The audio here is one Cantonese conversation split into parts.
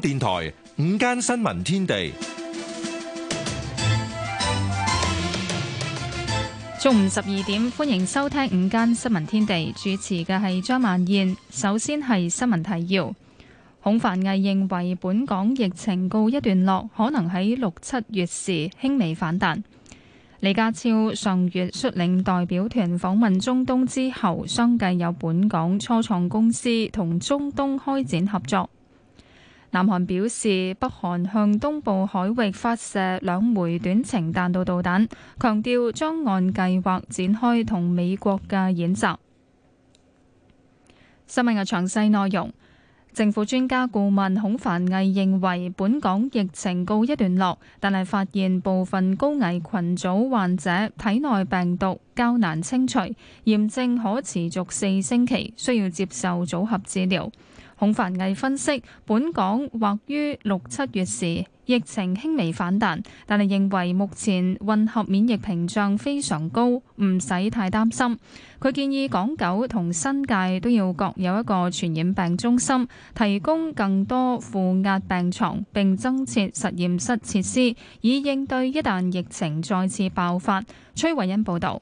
電台午間新聞天地，中午十二點，歡迎收聽午間新聞天地。主持嘅係張曼燕。首先係新聞提要。孔繁毅認為本港疫情告一段落，可能喺六七月時輕微反彈。李家超上月率領代表團訪問中東之後，相繼有本港初創公司同中東開展合作。南韓表示，北韓向東部海域發射兩枚短程彈道導彈，強調將按計劃展開同美國嘅演習。新聞嘅詳細內容，政府專家顧問孔繁毅認為，本港疫情告一段落，但係發現部分高危群組患者體內病毒較難清除，炎症可持續四星期，需要接受組合治療。孔凡毅分析，本港或於六七月時疫情輕微反彈，但係認為目前混合免疫屏障非常高，唔使太擔心。佢建議港九同新界都要各有一個傳染病中心，提供更多負壓病床並增設實驗室設施，以應對一旦疫情再次爆發，崔慧欣報道。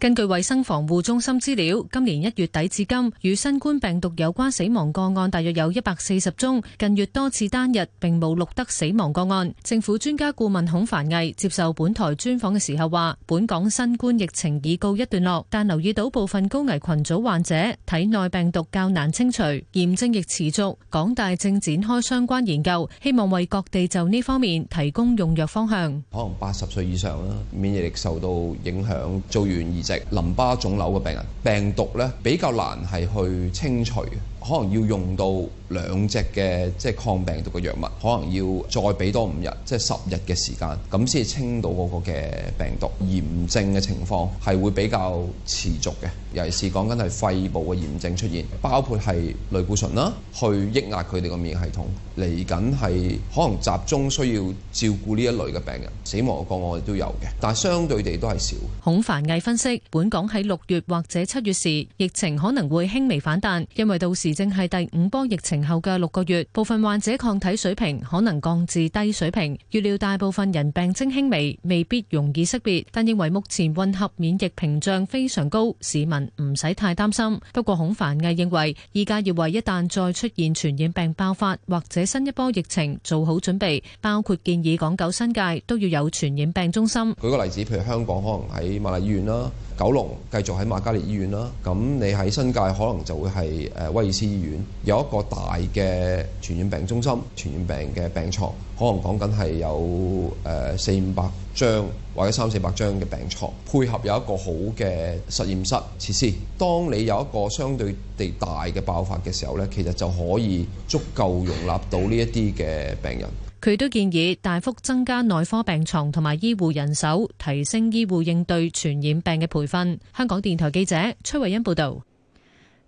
根據衛生防護中心資料，今年一月底至今，與新冠病毒有關死亡個案大約有一百四十宗。近月多次單日並冇錄得死亡個案。政府專家顧問孔繁毅接受本台專訪嘅時候話，本港新冠疫情已告一段落，但留意到部分高危群組患者體內病毒較難清除，炎症亦持續。港大正展開相關研究，希望為各地就呢方面提供用藥方向。可能八十歲以上免疫力受到影響，做完淋巴腫瘤嘅病人，病毒咧比較難係去清除。可能要用到兩隻嘅即係抗病毒嘅藥物，可能要再俾多五日，即係十日嘅時間，咁先清到嗰個嘅病毒。炎症嘅情況係會比較持續嘅，尤其是講緊係肺部嘅炎症出現，包括係類固醇啦，去抑壓佢哋個免疫系統。嚟緊係可能集中需要照顧呢一類嘅病人，死亡個個案都有嘅，但係相對地都係少。孔繁毅分析，本港喺六月或者七月時，疫情可能會輕微反彈，因為到時，正係第五波疫情後嘅六個月，部分患者抗體水平可能降至低水平。預料大部分人病徵輕微，未必容易識別，但認為目前混合免疫屏障非常高，市民唔使太擔心。不過孔繁毅認為，依家要為一旦再出現傳染病爆發或者新一波疫情做好準備，包括建議港九新界都要有傳染病中心。舉個例子，譬如香港可能喺瑪麗醫院啦。九龍繼續喺瑪嘉烈醫院啦，咁你喺新界可能就會係威爾斯醫院有一個大嘅傳染病中心，傳染病嘅病床可能講緊係有四五百張或者三四百張嘅病床，配合有一個好嘅實驗室設施。當你有一個相對地大嘅爆發嘅時候呢，其實就可以足夠容納到呢一啲嘅病人。佢都建議大幅增加內科病床同埋醫護人手，提升醫護應對傳染病嘅培訓。香港電台記者崔惠恩報導。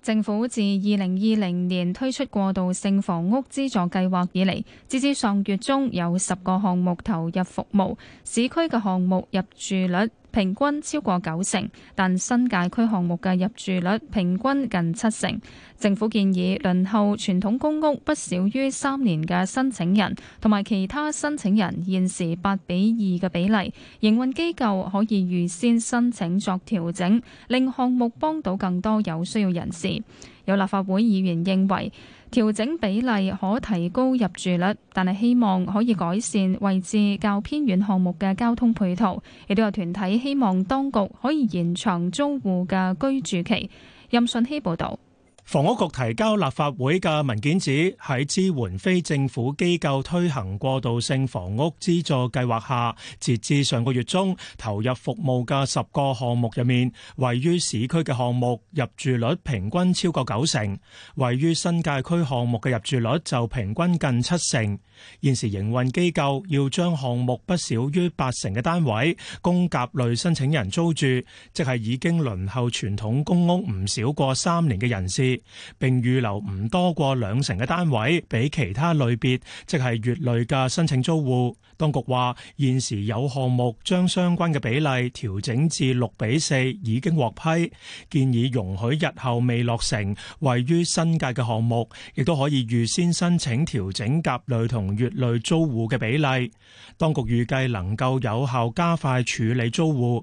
政府自二零二零年推出過渡性房屋資助計劃以嚟，截至上月中有十個項目投入服務，市區嘅項目入住率平均超過九成，但新界區項目嘅入住率平均近七成。政府建議輪候傳統公屋不少於三年嘅申請人，同埋其他申請人現時八比二嘅比例，營運機構可以預先申請作調整，令項目幫到更多有需要人士。有立法會議員認為：調整比例可提高入住率，但係希望可以改善位置較偏遠項目嘅交通配套。亦都有團體希望當局可以延長租戶嘅居住期。任信希報導。房屋局提交立法會嘅文件指，喺支援非政府機構推行過渡性房屋資助計劃下，截至上個月中投入服務嘅十個項目入面，位於市區嘅項目入住率平均超過九成，位於新界區項目嘅入住率就平均近七成。現時營運機構要將項目不少於八成嘅單位供甲類申請人租住，即係已經輪候傳統公屋唔少過三年嘅人士。並預留唔多過兩成嘅單位俾其他類別，即係乙類嘅申請租戶。當局話現時有項目將相關嘅比例調整至六比四已經獲批，建議容許日後未落成位於新界嘅項目，亦都可以預先申請調整甲類同乙類租戶嘅比例。當局預計能夠有效加快處理租戶。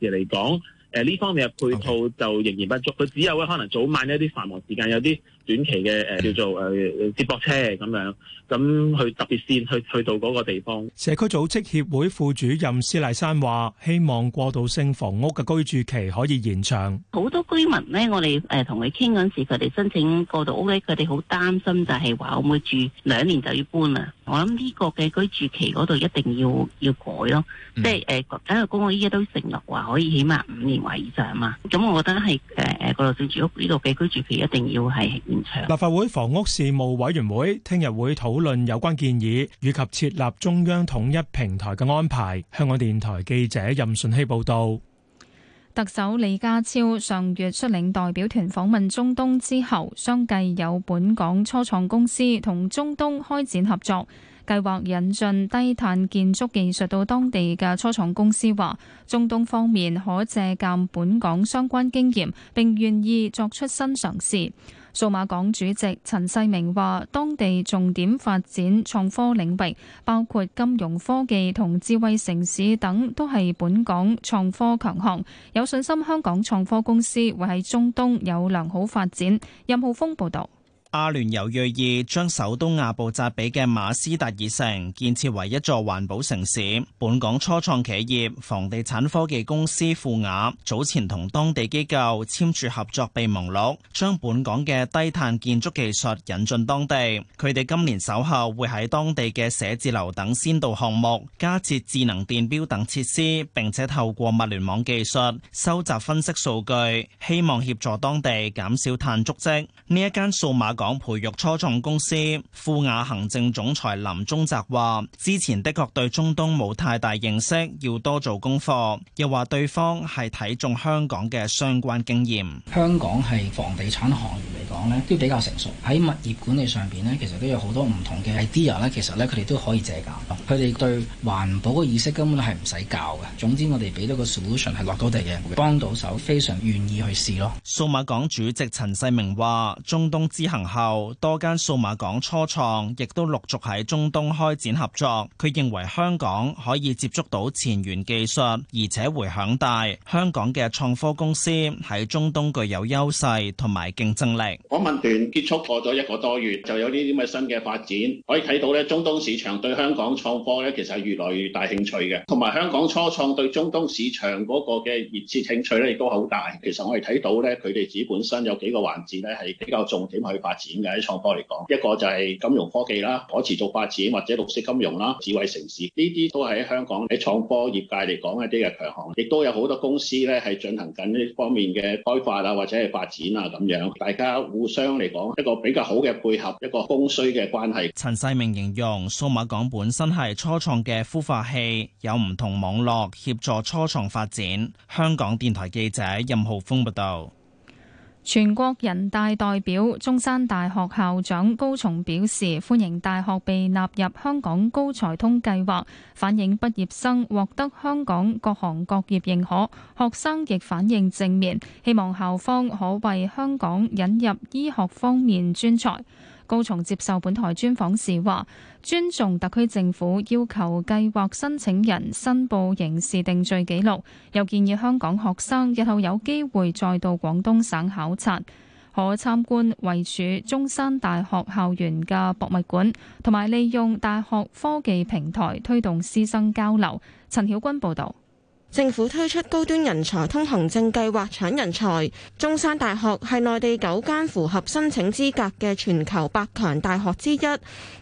而嚟講，誒、呃、呢方面嘅配套就仍然不足，佢、okay. 只有咧可能早晚一啲繁忙時間，有啲。短期嘅誒叫做誒接駁車咁樣，咁去特別線去去到嗰個地方。社區組織協會副主任施麗珊話，希望過渡性房屋嘅居住期可以延長。好多居民咧，我哋誒同佢傾嗰陣時，佢哋申請過渡屋咧，佢哋好擔心就係話會唔會住兩年就要搬啊？我諗呢個嘅居住期嗰度一定要要改咯，即係誒喺個公屋依家都承諾話可以起碼五年或以上啊嘛。咁我覺得係誒誒過渡性住屋呢度嘅居住期一定要係。立法會房屋事務委員會聽日會討論有關建議，以及設立中央統一平台嘅安排。香港電台記者任順希報道。特首李家超上月率領代表團訪問中東之後，相繼有本港初創公司同中東開展合作計劃，計劃引進低碳建築技術到當地嘅初創公司話，中東方面可借鑒本港相關經驗，並願意作出新嘗試。數碼港主席陳世明話，當地重點發展創科領域，包括金融科技同智慧城市等，都係本港創科強項，有信心香港創科公司會喺中東有良好發展。任浩峰報道。阿聯酋銳意將首都亞布扎比嘅馬斯達爾城建設為一座環保城市。本港初創企業房地產科技公司富雅早前同當地機構簽署合作備忘錄，將本港嘅低碳建築技術引進當地。佢哋今年稍後會喺當地嘅寫字樓等先導項目加設智能電表等設施，並且透過物聯網技術收集分析數據，希望協助當地減少碳足跡。呢一間數碼。港培育初創公司富雅行政總裁林宗澤話：，之前的確對中東冇太大認識，要多做功課。又話對方係睇中香港嘅相關經驗。香港係房地產行業嚟講咧，都比較成熟。喺物業管理上邊咧，其實都有好多唔同嘅 idea 咧，其實咧佢哋都可以借鑒。佢哋對環保嘅意識根本係唔使教嘅。總之我哋俾到個 solution 係落到地嘅，幫到手，非常願意去試咯。數碼港主席陳世明話：，中東之行。後多間數碼港初創亦都陸續喺中東開展合作。佢認為香港可以接觸到前沿技術，而且回響大。香港嘅創科公司喺中東具有優勢同埋競爭力。訪問團結束過咗一個多月，就有呢啲咁嘅新嘅發展，可以睇到咧，中東市場對香港創科咧其實係越來越大興趣嘅，同埋香港初創對中東市場嗰個嘅熱切興趣咧亦都好大。其實我哋睇到咧，佢哋自己本身有幾個環節咧係比較重點去發展。展嘅喺創科嚟講，一個就係金融科技啦，可持續發展或者綠色金融啦，智慧城市呢啲都喺香港喺創科業界嚟講一啲嘅強項，亦都有好多公司咧係進行緊呢方面嘅開發啊，或者係發展啊咁樣，大家互相嚟講一個比較好嘅配合，一個供需嘅關係。陳世明形容數碼港本身係初創嘅孵化器，有唔同網絡協助初創發展。香港電台記者任浩峰報道。全國人大代表、中山大學校長高松表示，歡迎大學被納入香港高才通計劃，反映畢業生獲得香港各行各業認可，學生亦反映正面，希望校方可為香港引入醫學方面專才。高崇接受本台專訪時話，尊重特區政府要求計劃申請人申報刑事定罪記錄，又建議香港學生日後有機會再到廣東省考察，可參觀位處中山大學校園嘅博物館，同埋利用大學科技平台推動師生交流。陳曉君報道。政府推出高端人才通行證計劃搶人才，中山大學係內地九間符合申請資格嘅全球百強大學之一。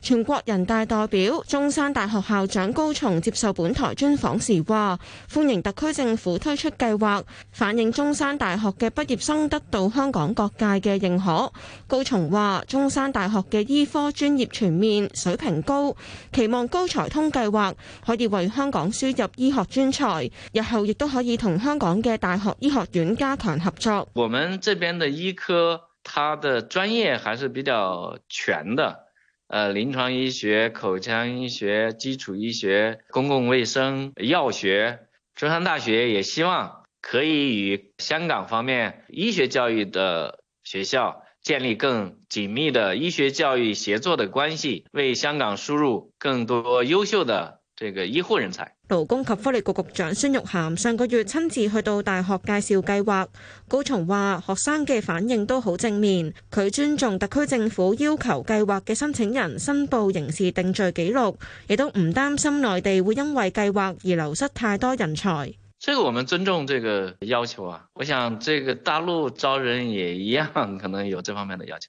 全國人大代表、中山大學校長高松接受本台專訪時話，歡迎特區政府推出計劃，反映中山大學嘅畢業生得到香港各界嘅認可。高松話中山大學嘅醫科專業全面，水平高，期望高才通計劃可以為香港輸入醫學專才。日後亦都可以同香港嘅大學醫學院加強合作。我們這邊的醫科，它的專業還是比較全的，呃，臨床醫學、口腔醫學、基礎醫學、公共衛生、藥學。中山大學也希望可以與香港方面醫學教育的學校建立更緊密的醫學教育協作的關係，為香港輸入更多優秀的這個醫護人才。勞工及福利局局長孫玉菡上個月親自去到大學介紹計劃，高松話學生嘅反應都好正面，佢尊重特區政府要求計劃嘅申請人申報刑事定罪記錄，亦都唔擔心內地會因為計劃而流失太多人才。這個我們尊重這個要求啊，我想這個大陸招人也一樣，可能有這方面的要求。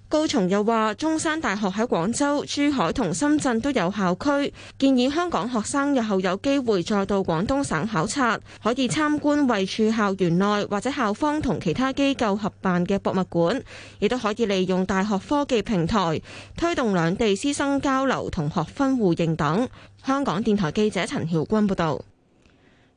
高松又話：中山大學喺廣州、珠海同深圳都有校區，建議香港學生日後有機會再到廣東省考察，可以參觀位處校園內或者校方同其他機構合辦嘅博物館，亦都可以利用大學科技平台推動兩地師生交流同學分互認等。香港電台記者陳曉君報道。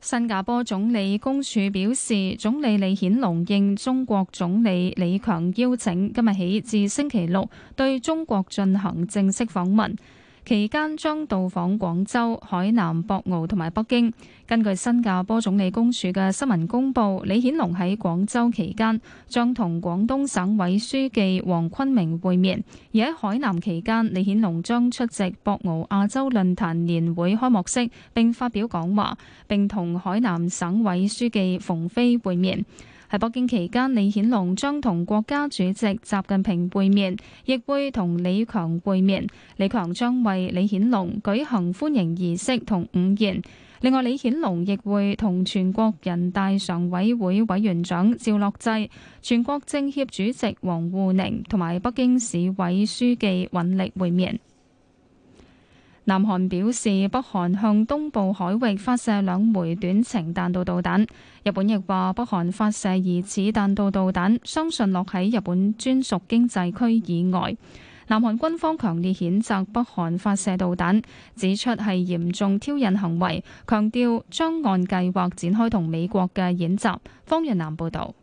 新加坡總理公署表示，總理李顯龍應中國總理李強邀請，今日起至星期六對中國進行正式訪問。期間將到訪廣州、海南、博鰲同埋北京。根據新加坡總理公署嘅新聞公佈，李顯龍喺廣州期間將同廣東省委書記黃坤明會面；而喺海南期間，李顯龍將出席博鰲亞洲論壇年會開幕式，並發表講話，並同海南省委書記馮飛會面。喺北京期間，李顯龍將同國家主席習近平會面，亦會同李強會面。李強將為李顯龍舉行歡迎儀式同午宴。另外，李顯龍亦會同全國人大常委會委員長趙樂際、全國政協主席王滬寧同埋北京市委書記尹力會面。南韓表示，北韓向東部海域發射兩枚短程彈道導彈。日本亦話，北韓發射疑似彈道導彈，相信落喺日本專屬經濟區以外。南韓軍方強烈譴責北韓發射導彈，指出係嚴重挑釁行為，強調將按計劃展開同美國嘅演習。方若南報導。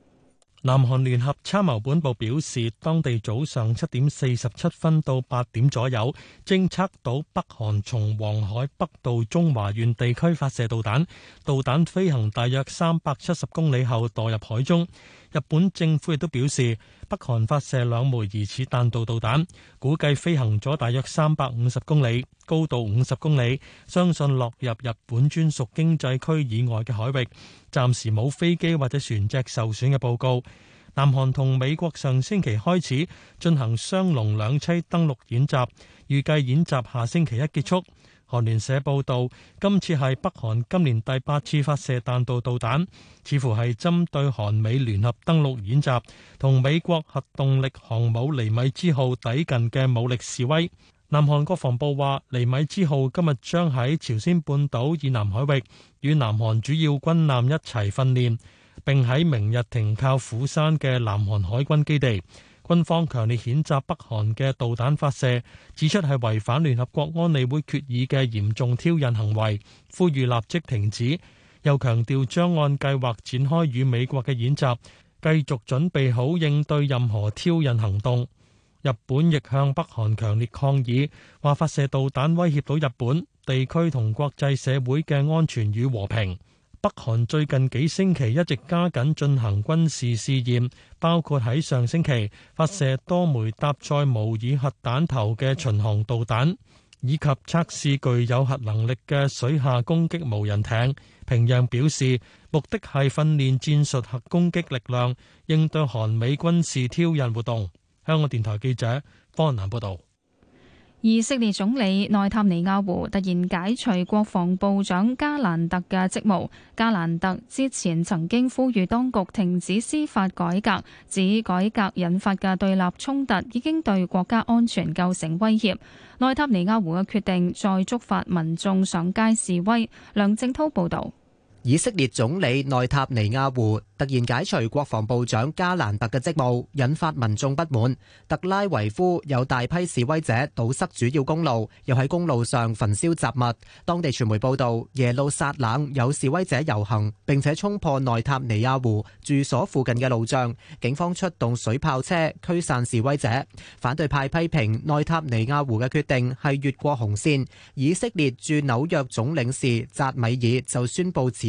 南韓聯合參謀本部表示，當地早上七點四十七分到八點左右，偵測到北韓從黃海北道中華園地區發射導彈，導彈飛行大約三百七十公里後墮入海中。日本政府亦都表示，北韓發射兩枚疑似彈道導彈，估計飛行咗大約三百五十公里，高度五十公里，相信落入日本專屬經濟區以外嘅海域，暫時冇飛機或者船隻受損嘅報告。南韓同美國上星期開始進行雙龍兩棲登陸演習，預計演習下星期一結束。韓聯社報道，今次係北韓今年第八次發射彈道導彈，似乎係針對韓美聯合登陸演習同美國核動力航母尼米茲號抵近嘅武力示威。南韓國防部話，尼米茲號今日將喺朝鮮半島以南海域與南韓主要軍艦一齊訓練，並喺明日停靠釜山嘅南韓海軍基地。軍方強烈譴責北韓嘅導彈發射，指出係違反聯合國安理會決議嘅嚴重挑釁行為，呼籲立即停止。又強調將按計劃展開與美國嘅演習，繼續準備好應對任何挑釁行動。日本亦向北韓強烈抗議，話發射導彈威脅到日本地區同國際社會嘅安全與和平。北韓最近幾星期一直加緊進行軍事試驗，包括喺上星期發射多枚搭載模擬核彈頭嘅巡航導彈，以及測試具有核能力嘅水下攻擊無人艇。平壤表示，目的係訓練戰術核攻擊力量，應對韓美軍事挑釁活動。香港電台記者方南報道。以色列總理內塔尼亞胡突然解除國防部長加蘭特嘅職務。加蘭特之前曾經呼籲當局停止司法改革，指改革引發嘅對立衝突已經對國家安全構成威脅。內塔尼亞胡嘅決定再觸發民眾上街示威。梁正滔報導。以色列總理內塔尼亞胡突然解除國防部長加蘭特嘅職務，引發民眾不滿。特拉維夫有大批示威者堵塞主要公路，又喺公路上焚燒雜物。當地傳媒報道，耶路撒冷有示威者遊行，並且衝破內塔尼亞胡住所附近嘅路障，警方出動水炮車驅散示威者。反對派批評內塔尼亞胡嘅決定係越過紅線。以色列駐紐約總領事扎米爾就宣布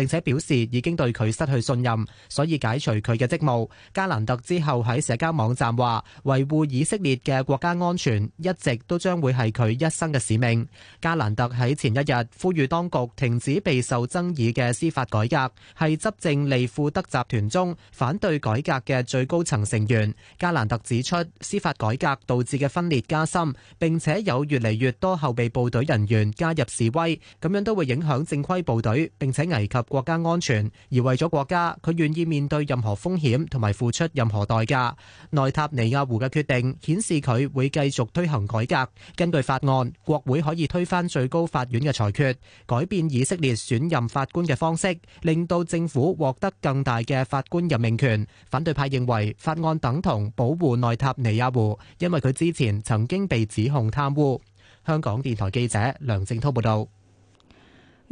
並且表示已經對佢失去信任，所以解除佢嘅職務。加蘭特之後喺社交網站話：維護以色列嘅國家安全一直都將會係佢一生嘅使命。加蘭特喺前一日呼籲當局停止備受爭議嘅司法改革，係執政利庫德集團中反對改革嘅最高層成員。加蘭特指出，司法改革導致嘅分裂加深，並且有越嚟越多後備部隊人員加入示威，咁樣都會影響正規部隊，並且危及國家安全。而為咗國家，佢願意面對任何風險同埋付出任何代價。內塔尼亞胡嘅決定顯示佢會繼續推行改革。根據法案，國會可以推翻最高法院嘅裁決，改變以色列選任法官嘅方式，令到政府獲得更大嘅法官任命權。反對派認為法案等同保護內塔尼亞胡，因為佢之前曾經被指控貪污。香港電台記者梁正濤報道。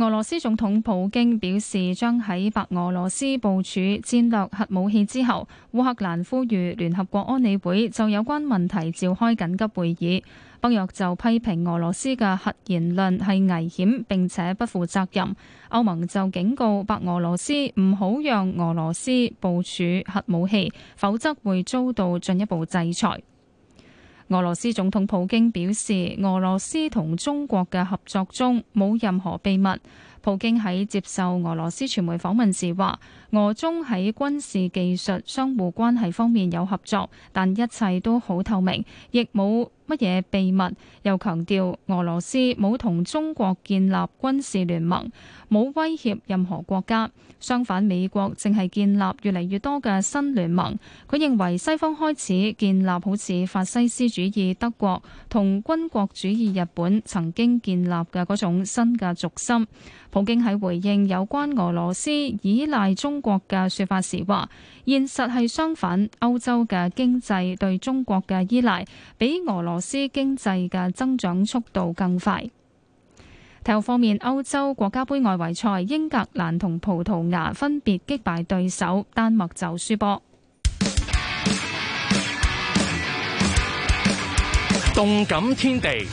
俄羅斯總統普京表示，將喺白俄羅斯部署戰略核武器之後，烏克蘭呼籲聯合國安理會就有關問題召開緊急會議。北約就批評俄羅斯嘅核言論係危險，並且不負責任。歐盟就警告白俄羅斯唔好讓俄羅斯部署核武器，否則會遭到進一步制裁。俄羅斯總統普京表示，俄羅斯同中國嘅合作中冇任何秘密。普京喺接受俄羅斯傳媒訪問時話，俄中喺軍事技術、相互關係方面有合作，但一切都好透明，亦冇乜嘢秘密？又強調俄羅斯冇同中國建立軍事聯盟，冇威脅任何國家。相反，美國正係建立越嚟越多嘅新聯盟。佢認為西方開始建立好似法西斯主義德國同軍國主義日本曾經建立嘅嗰種新嘅軸心。普京喺回應有關俄羅斯依賴中國嘅說法時話：現實係相反，歐洲嘅經濟對中國嘅依賴比俄羅。俄羅斯經濟嘅增長速度更快。體育方面，歐洲國家杯外圍賽，英格蘭同葡萄牙分別擊敗對手，丹麥就輸波。動感天地，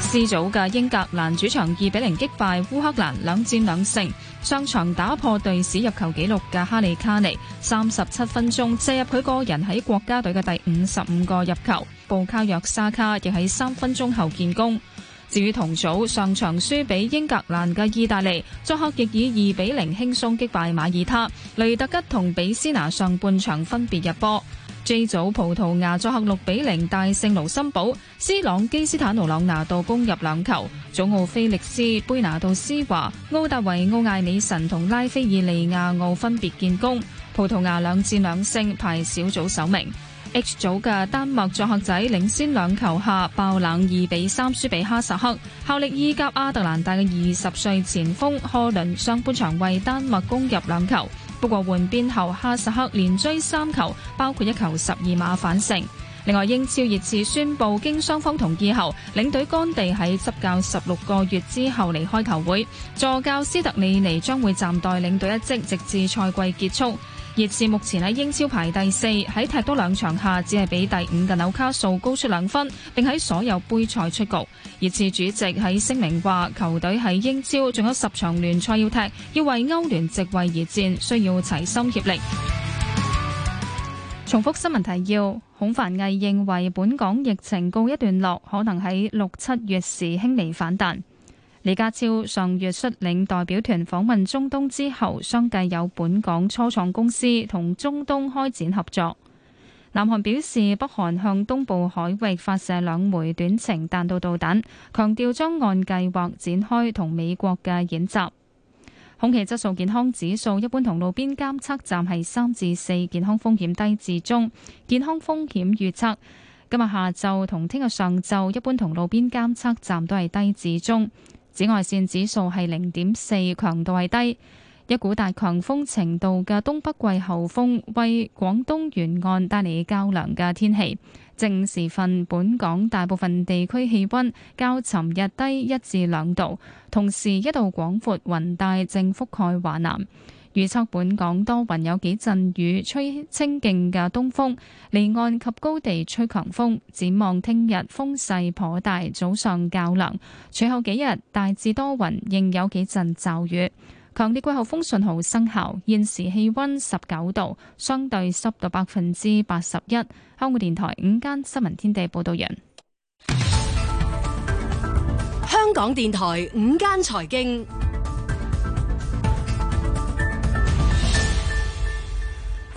四組嘅英格蘭主場二比零擊敗烏克蘭，兩戰兩勝。上場打破隊史入球紀錄嘅哈利卡尼，三十七分鐘射入佢個人喺國家隊嘅第五十五個入球。布卡約沙卡亦喺三分鐘後建功。至於同組上場輸俾英格蘭嘅意大利，作客亦以二比零輕鬆擊敗馬爾他。雷特吉同比斯拿上半場分別入波。J 組葡萄牙作客六比零大勝盧森堡，斯朗基斯坦奴朗拿度攻入兩球，祖奧菲力斯、貝拿度斯華、奧達維奧艾美臣同拉菲爾利亞奧分別建功，葡萄牙兩戰兩勝，排小組首名。H 組嘅丹麥作客仔領先兩球下爆冷二比三輸俾哈薩克，效力意甲阿特蘭大嘅二十歲前鋒科倫上半場為丹麥攻入兩球。不過換邊後，哈薩克連追三球，包括一球十二碼反勝。另外，英超熱刺宣布經雙方同意後，領隊干地喺執教十六個月之後離開球會，助教斯特里尼將會暫代領隊一職，直至賽季結束。熱刺目前喺英超排第四，喺踢多兩場下，只係比第五嘅紐卡素高出兩分，並喺所有杯賽出局。熱刺主席喺聲明話：球隊喺英超仲有十場聯賽要踢，要為歐聯席位而戰，需要齊心協力。重複新聞提要：孔繁毅認為本港疫情告一段落，可能喺六七月時輕微反彈。李家超上月率領代表團訪問中東之後，相繼有本港初創公司同中東開展合作。南韓表示，北韓向東部海域發射兩枚短程彈道導彈，強調將按計劃展開同美國嘅演習。空氣質素健康指數一般同路邊監測站係三至四，健康風險低至中。健康風險預測今日下晝同聽日上晝一般同路邊監測站都係低至中。紫外線指數係零點四，強度係低。一股大強風程度嘅東北季候風為廣東沿岸帶嚟較涼嘅天氣。正時分，本港大部分地區氣温較尋日低一至兩度。同時，一度廣闊雲帶正覆蓋華南。預測本港多雲，有幾陣雨，吹清勁嘅東風，離岸及高地吹強風。展望聽日風勢頗大，早上較冷，隨後幾日大致多雲，仍有幾陣驟雨。強烈季候風信號生效，現時氣溫十九度，相對濕度百分之八十一。香港電台午間新聞天地報道人。香港電台午間財經。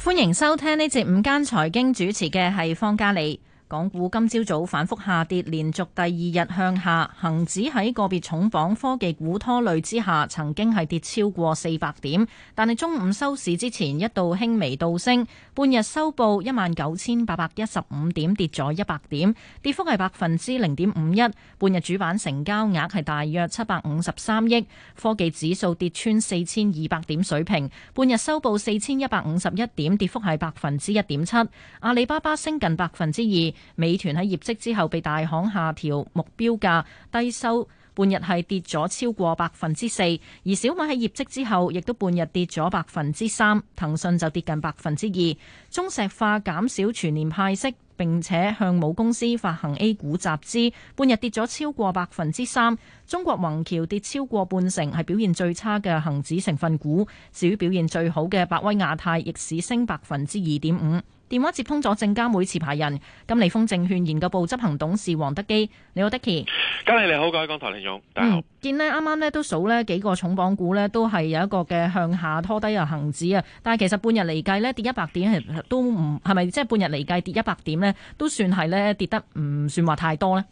歡迎收聽呢節午間財經，主持嘅係方嘉利。.港股今朝早反覆下跌，連續第二日向下。恒指喺個別重磅科技股拖累之下，曾經係跌超過四百點，但係中午收市之前一度輕微倒升。半日收報一萬九千八百一十五點，跌咗一百點，跌幅係百分之零點五一。半日主板成交額係大約七百五十三億。科技指數跌穿四千二百點水平，半日收報四千一百五十一點，跌幅係百分之一點七。阿里巴巴升近百分之二。美團喺業績之後被大行下調目標價，低收半日係跌咗超過百分之四；而小米喺業績之後亦都半日跌咗百分之三，騰訊就跌近百分之二。中石化減少全年派息，並且向母公司發行 A 股集資，半日跌咗超過百分之三。中國宏橋跌超過半成，係表現最差嘅恒指成分股。至於表現最好嘅百威亞太，逆市升百分之二點五。電話接通咗證監會持牌人金利豐證券研究部執行董事黃德基，你好，Dicky。嘉麗你好，各位港交所李總。好、嗯。見呢啱啱咧都數呢幾個重磅股呢都係有一個嘅向下拖低啊恒指啊。但係其實半日嚟計呢跌一百點係都唔係咪即係半日嚟計跌一百點呢，都算係呢跌得唔算話太多呢。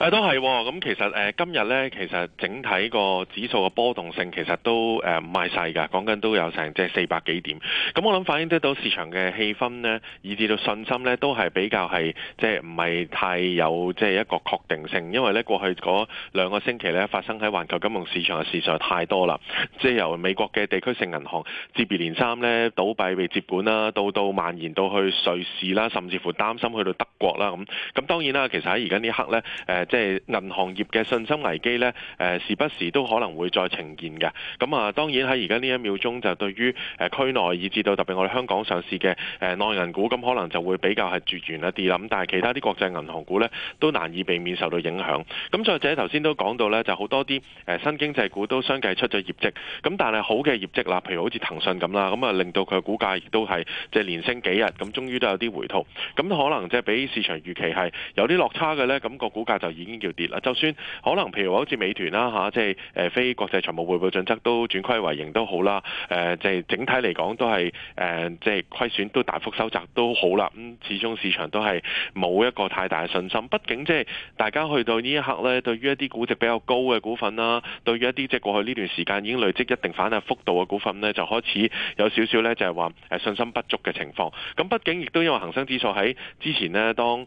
誒、啊、都係喎、哦，咁、嗯、其實誒、呃、今日咧，其實整體個指數嘅波動性其實都誒唔係細㗎，講、呃、緊都有成即係四百幾點。咁我諗反映得到市場嘅氣氛呢，以至到信心呢，都係比較係即係唔係太有即係一個確定性，因為呢，過去嗰兩個星期咧發生喺環球金融市場嘅事實太多啦，即係由美國嘅地區性銀行接二連三咧倒閉被接管啦，到到蔓延到去瑞士啦，甚至乎擔心去到德國啦咁。咁當然啦，其實喺而家呢刻咧、呃即係銀行業嘅信心危機咧，誒，時不時都可能會再呈現嘅。咁啊，當然喺而家呢一秒鐘就對於誒區內以至到特別我哋香港上市嘅誒內銀股，咁可能就會比較係絕緣一啲啦。咁但係其他啲國際銀行股咧，都難以避免受到影響，咁再者頭先都講到咧，就好多啲誒新經濟股都相繼出咗業績，咁但係好嘅業績啦，譬如好似騰訊咁啦，咁啊令到佢嘅股價亦都係即係連升幾日，咁終於都有啲回吐。咁可能即係俾市場預期係有啲落差嘅咧，咁那個股價就。已經叫跌啦。就算可能譬如話好似美團啦嚇，即係誒非國際財務匯報準則都轉虧為盈都好啦。誒即係整體嚟講都係誒即係虧損都大幅收窄都好啦。咁始終市場都係冇一個太大嘅信心。畢竟即係大家去到呢一刻呢，對於一啲估值比較高嘅股份啦，對於一啲即係過去呢段時間已經累積一定反彈幅度嘅股份呢，就開始有少少呢，就係話誒信心不足嘅情況。咁畢竟亦都因為恒生指數喺之前呢，當誒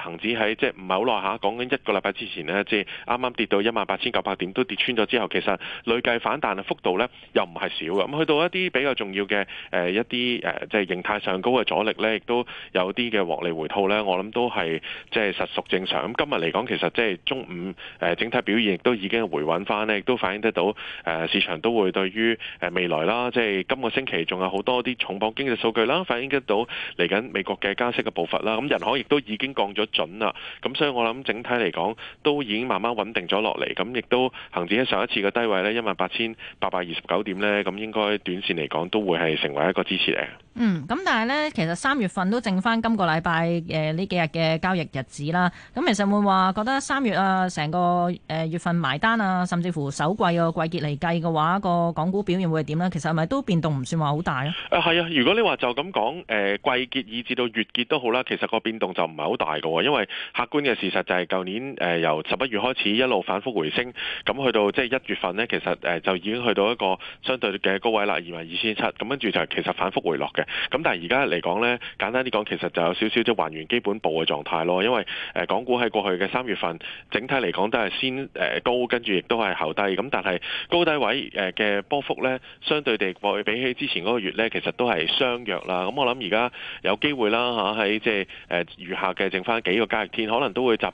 恆指喺即係唔係好耐嚇講緊一。就是個禮拜之前呢，即係啱啱跌到一萬八千九百點，都跌穿咗之後，其實累計反彈嘅幅度呢，又唔係少嘅。咁去到一啲比較重要嘅誒一啲誒，即係形態上高嘅阻力呢，亦都有啲嘅獲利回吐呢。我諗都係即係實屬正常。咁今日嚟講，其實即係中午誒整體表現亦都已經回穩返呢，亦都反映得到誒市場都會對於誒未來啦，即係今個星期仲有好多啲重磅經濟數據啦，反映得到嚟緊美國嘅加息嘅步伐啦。咁人行亦都已經降咗準啦，咁所以我諗整體嚟，嚟講都已經慢慢穩定咗落嚟，咁亦都恒指喺上一次嘅低位，呢一萬八千八百二十九點，呢咁應該短線嚟講，都會係成為一個支持嚟嘅。嗯，咁但係咧，其實三月份都剩翻今個禮拜誒呢、呃、幾日嘅交易日子啦。咁其實會話覺得三月啊，成個誒、呃、月份埋單啊，甚至乎首季個季結嚟計嘅話，個港股表現會係點咧？其實係咪都變動唔算話好大咧？誒係啊，如果你話就咁講，誒、呃、季結以至到月結都好啦，其實個變動就唔係好大喎。因為客觀嘅事實就係舊年誒、呃、由十一月開始一路反覆回升，咁去到即係一月份呢，其實誒就已經去到一個相對嘅高位啦，二萬二千七，咁跟住就係其實反覆回落嘅。咁但係而家嚟講呢，簡單啲講，其實就有少少即係還原基本步嘅狀態咯。因為港股喺過去嘅三月份，整體嚟講都係先高，跟住亦都係後低。咁但係高低位嘅波幅呢，相對地過去比起之前嗰個月呢，其實都係相約啦。咁我諗而家有機會啦，喺即係誒餘下嘅剩翻幾個交易天，可能都會集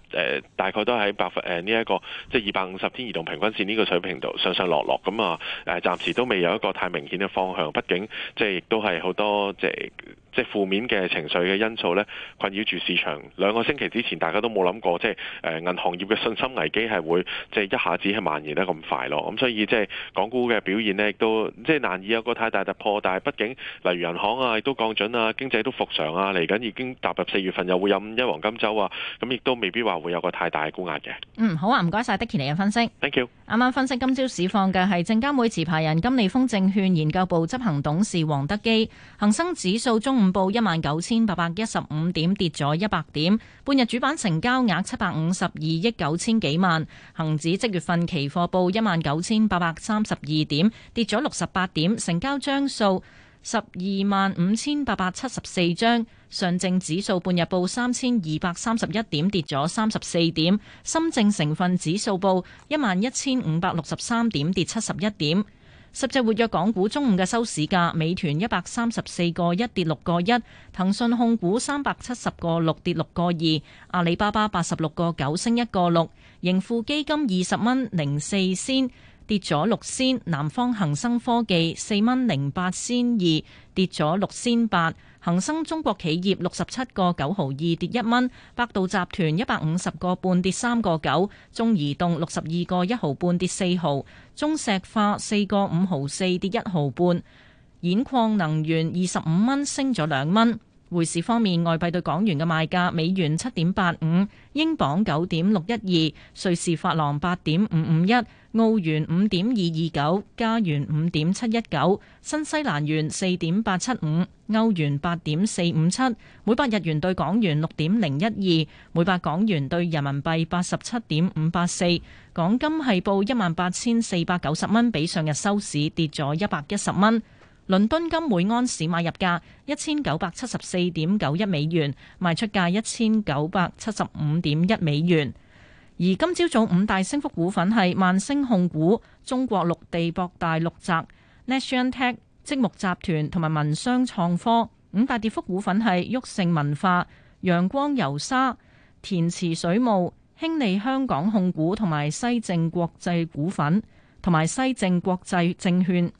大概都喺百分誒呢一個即係二百五十天移動平均線呢個水平度上上落落咁啊，誒暫時都未有一個太明顯嘅方向。畢竟即係亦都係好多。多即係負面嘅情緒嘅因素呢，困擾住市場。兩個星期之前，大家都冇諗過，即係誒銀行業嘅信心危機係會即係一下子係蔓延得咁快咯。咁所以即係港股嘅表現呢，亦都即係難以有個太大突破。但係畢竟，例如銀行啊，亦都降準啊，經濟都復常啊，嚟緊已經踏入四月份，又會有五一黃金週啊，咁亦都未必話會有個太大嘅沽壓嘅。嗯，好啊，唔該曬，Dicky 你嘅分析。Thank you。啱啱分析今朝市況嘅係證監會持牌人金利豐證券研究部執行董事黃德基。恒生指數中午報一萬九千八百一十五點，跌咗一百點。半日主板成交額七百五十二億九千幾萬。恒指即月份期貨報一萬九千八百三十二點，跌咗六十八點，成交張數十二萬五千八百七十四張。上證指數半日報三千二百三十一點，跌咗三十四點。深證成分指數報一萬一千五百六十三點，跌七十一點。十隻活躍港股中午嘅收市價，美團一百三十四個一跌六個一，騰訊控股三百七十個六跌六個二，阿里巴巴八十六個九升一個六，盈富基金二十蚊零四仙，跌咗六仙，南方恒生科技四蚊零八仙二跌咗六仙八，恒生中國企業六十七個九毫二跌一蚊，百度集團一百五十個半跌三個九，中移動六十二個一毫半跌四毫，中石化四個五毫四跌一毫半，兗礦能源二十五蚊升咗兩蚊。匯市方面，外幣對港元嘅賣價美元七點八五，英鎊九點六一二，瑞士法郎八點五五一。澳元五點二二九，加元五點七一九，新西蘭元四點八七五，歐元八點四五七，每百日元對港元六點零一二，每百港元對人民幣八十七點五八四。港金係報一萬八千四百九十蚊，比上日收市跌咗一百一十蚊。倫敦金每安士買入價一千九百七十四點九一美元，賣出價一千九百七十五點一美元。而今朝早，早五大升幅股份係萬星控股、中國陸地博大陸宅、大陸澤、NationTech 積木集團同埋民商創科；五大跌幅股份係旭盛文化、陽光油砂、田池水務、興利香港控股同埋西證國際股份同埋西證國際證券。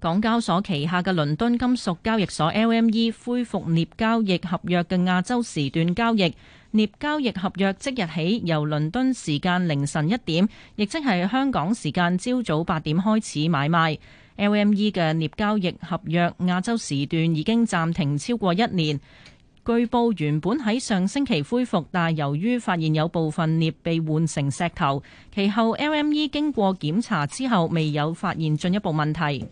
港交所旗下嘅倫敦金屬交易所 LME 恢復鎳交易合約嘅亞洲時段交易。鎳交易合約即日起由倫敦時間凌晨一點，亦即係香港時間朝早八點開始買賣。LME 嘅鎳交易合約亞洲時段已經暫停超過一年，據報原本喺上星期恢復，但係由於發現有部分鎳被換成石頭，其後 LME 經過檢查之後未有發現進一步問題。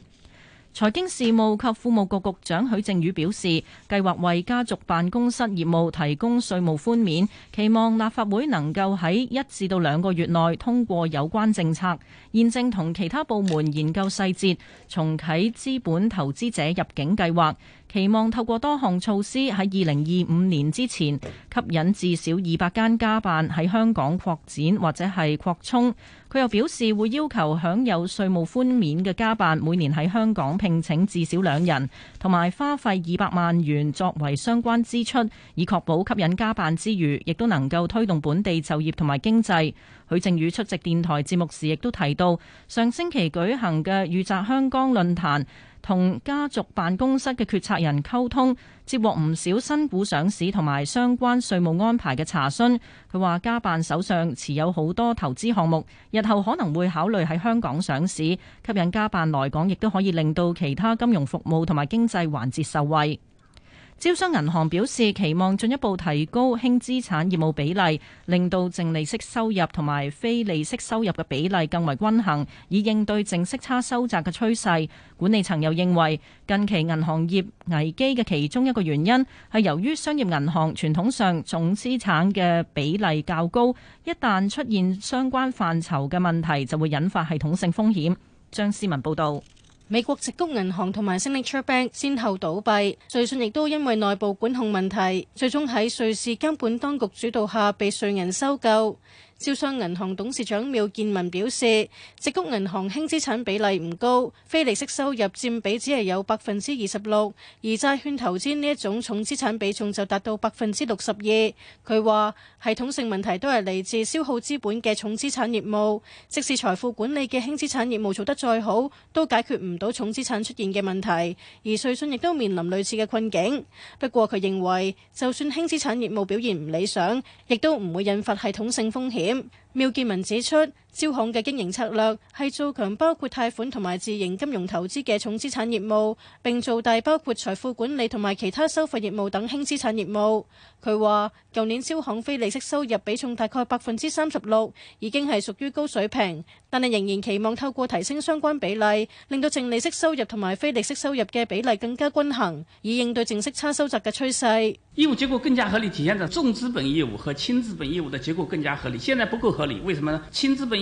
財經事務及庫務局局長許正宇表示，計劃為家族辦公室業務提供稅務寬免，期望立法會能夠喺一至到兩個月內通過有關政策。現正同其他部門研究細節，重啟資本投資者入境計劃，期望透過多項措施喺二零二五年之前吸引至少二百間家辦喺香港擴展或者係擴充。佢又表示會要求享有稅務寬免嘅家辦每年喺香港聘請至少兩人，同埋花費二百萬元作為相關支出，以確保吸引家辦之餘，亦都能夠推動本地就業同埋經濟。許正宇出席電台節目時亦都提到，上星期舉行嘅裕澤香港論壇，同家族辦公室嘅決策人溝通，接獲唔少新股上市同埋相關稅務安排嘅查詢。佢話家辦手上持有好多投資項目，日後可能會考慮喺香港上市，吸引家辦來港，亦都可以令到其他金融服務同埋經濟環節受惠。招商銀行表示期望進一步提高輕資產業務比例，令到淨利息收入同埋非利息收入嘅比例更為均衡，以應對淨息差收窄嘅趨勢。管理層又認為近期銀行業危機嘅其中一個原因係由於商業銀行傳統上總資產嘅比例較高，一旦出現相關範疇嘅問題，就會引發系統性風險。張思文報道。美國直谷銀行同埋 Signature Bank 先後倒閉。瑞信亦都因為內部管控問題，最終喺瑞士監管當局主導下被瑞銀收購。招商銀行董事長廖建文表示，硅谷銀行輕資產比例唔高，非利息收入佔比只係有百分之二十六，而債券投資呢一種重資產比重就達到百分之六十二。佢話系統性問題都係嚟自消耗資本嘅重資產業務，即使財富管理嘅輕資產業務做得再好，都解決唔到重資產出現嘅問題，而瑞信亦都面臨類似嘅困境。不過佢認為就算輕資產業務表現唔理想，亦都唔會引發系統性風險。廖建文指出。招行嘅經營策略係做強包括貸款同埋自營金融投資嘅重資產業務，並做大包括財富管理同埋其他收費業務等輕資產業務。佢話：舊年招行非利息收入比重大概百分之三十六，已經係屬於高水平，但係仍然期望透過提升相關比例，令到淨利息收入同埋非利息收入嘅比例更加均衡，以應對淨息差收窄嘅趨勢。業務結構更加合理，體現在的重資本業務和輕資本業務嘅結構更加合理。現在不夠合理，為什麼呢？輕資本業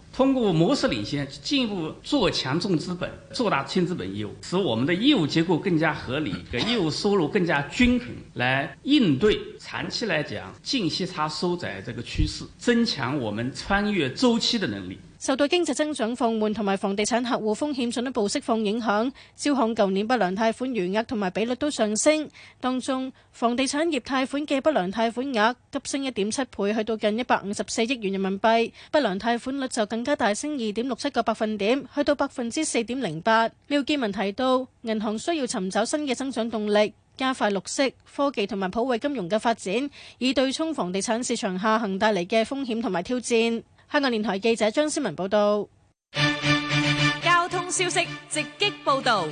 通過模式領先，進一步做強重資本、做大輕資本業務，使我們的業務結構更加合理，業務收入更加均衡，來應對長期來講淨息差收窄這個趨勢，增強我們穿越周期的能力。受到經濟增長放緩同埋房地產客戶風險進一步釋放影響，招行舊年不良貸款餘額同埋比率都上升，當中房地產業貸款嘅不良貸款額急升一點七倍，去到近一百五十四億元人民幣，不良貸款率就更，更加大升二點六七個百分點，去到百分之四點零八。廖建文提到，銀行需要尋找新嘅增長動力，加快綠色科技同埋普惠金融嘅發展，以對沖房地產市場下行帶嚟嘅風險同埋挑戰。香港電台記者張思文報道。交通消息直擊報道。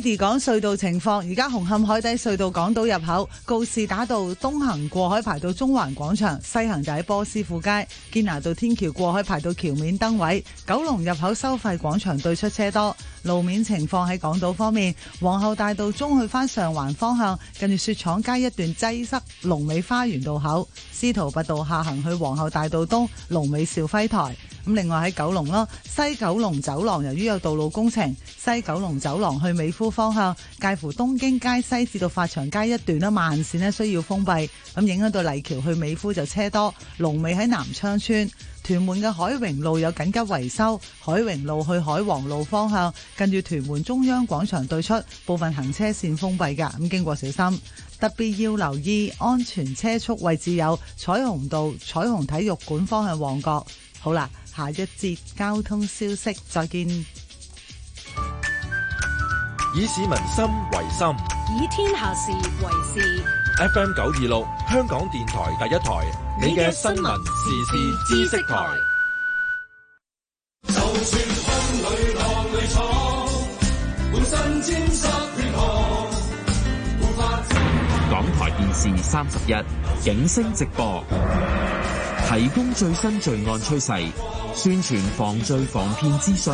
地港隧道情況，而家紅磡海底隧道港島入口，告士打道東行過海排到中環廣場，西行就喺波斯富街、堅拿道天橋過海排到橋面燈位，九龍入口收費廣場對出車多。路面情況喺港島方面，皇后大道中去翻上環方向，近住雪廠街一段擠塞，龍尾花園道口；司徒拔道下行去皇后大道東，龍尾肇輝台。咁另外喺九龍咯，西九龍走廊由於有道路工程，西九龍走廊去美孚方向，介乎東京街西至到發祥街一段慢線需要封閉，咁影響到麗橋去美孚就車多，龍尾喺南昌村。屯門嘅海榮路有緊急維修，海榮路去海皇路方向，近住屯門中央廣場對出，部分行車線封閉噶，咁經過小心，特別要留意安全車速位置，有彩虹道、彩虹體育館方向旺角。好啦，下一節交通消息，再見。以市民心為心，以天下事為事。FM 九二六，香港電台第一台，你嘅新聞時事知識台。就算風裏浪裏闖，滿身沾濕血汗，沒法講。港台電視三十一警訊直播，提供最新罪案趨勢，宣傳防罪防騙資訊，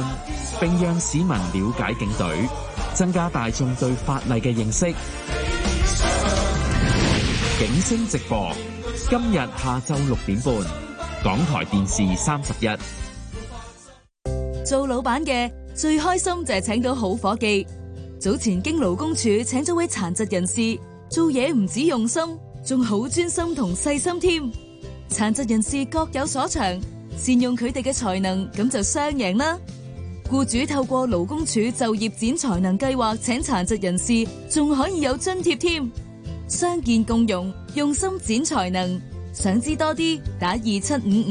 並讓市民了解警隊，增加大眾對法例嘅認識。警星直播，今日下晝六點半，港台電視三十一。做老闆嘅最開心就係請到好伙計。早前經勞工處請咗位殘疾人士做嘢，唔止用心，仲好專心同細心添。殘疾人士各有所長，善用佢哋嘅才能，咁就雙贏啦。雇主透過勞工處就業展才能計劃請殘疾人士，仲可以有津貼添。相見共融，用心展才能，想知多啲，打二七五五。